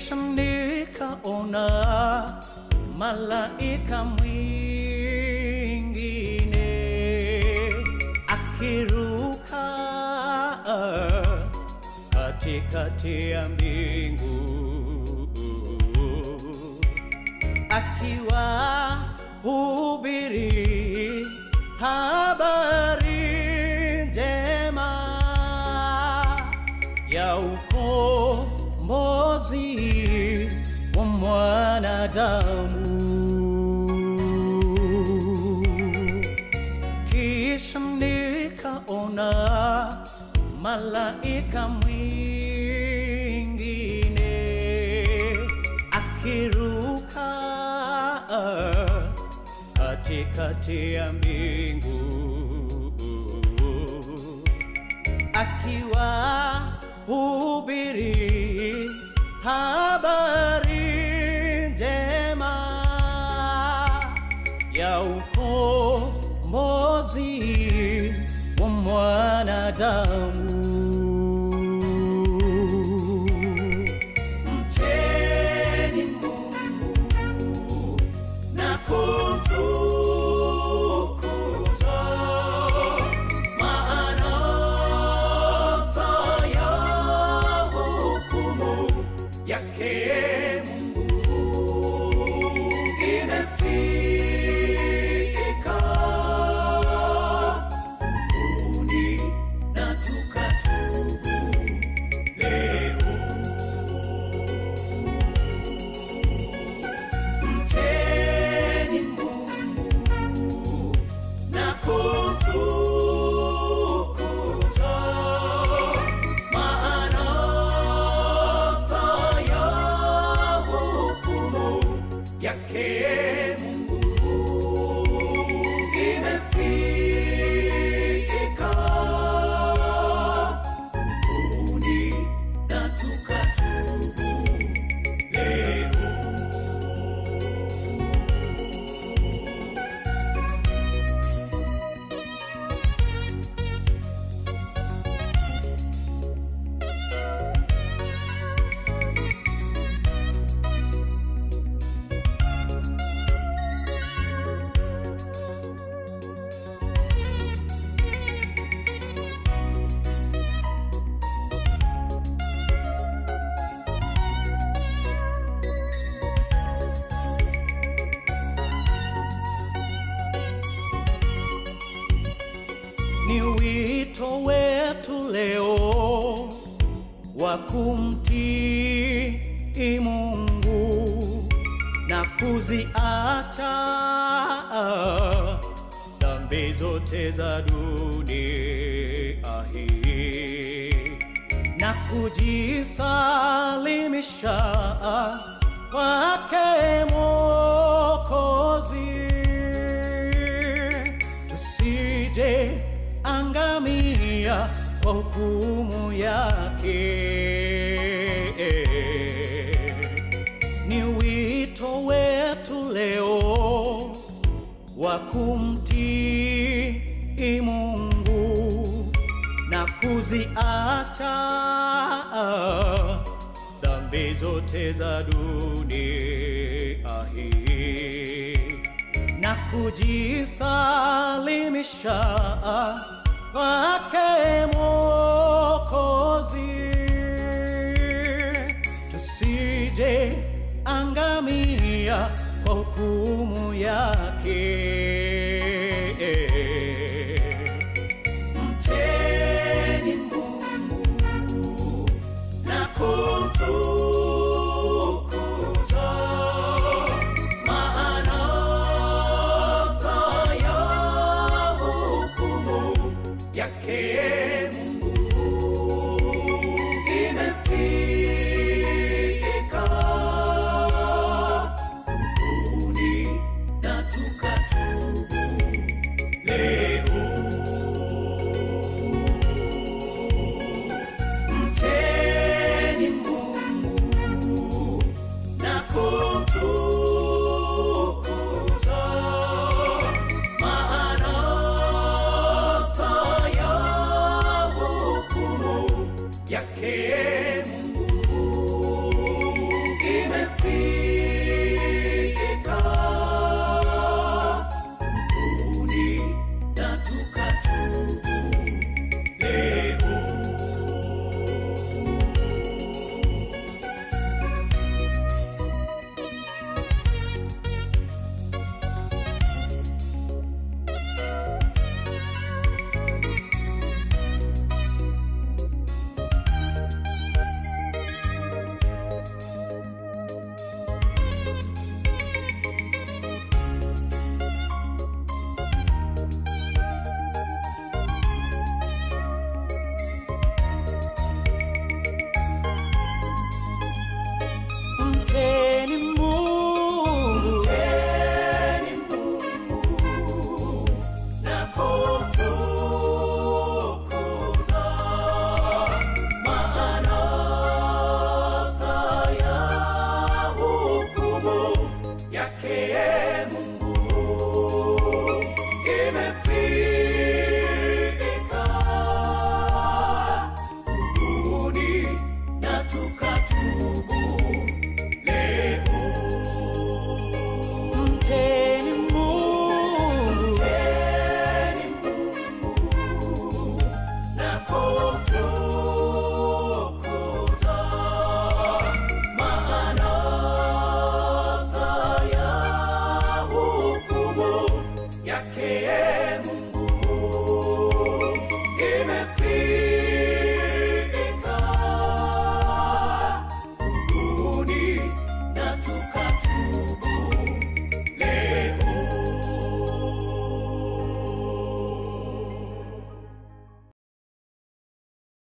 Kisha nikaona malaika mwingine akiruka katikati ya mbingu akiwahubiri ukombozi wa mwanadamu. Kisha nikaona malaika mwingine akiruka katikati ya mbingu akiwa hubiri habari njema ya ukombozi wa mwanadamu. Ee Mungu, nimefika. Ni wito wetu leo wa kumtii Mungu na kuziacha dhambi zote za dunia hii na kujisalimisha kwake Mwokozi. kuangamia kwa hukumu yake. Ni wito wetu leo wa kumtii Mungu na kuziacha dhambi zote za dunia hii na kujisalimisha kwake Mwokozi, tusije angamia kwa hukumu yake. Yakin.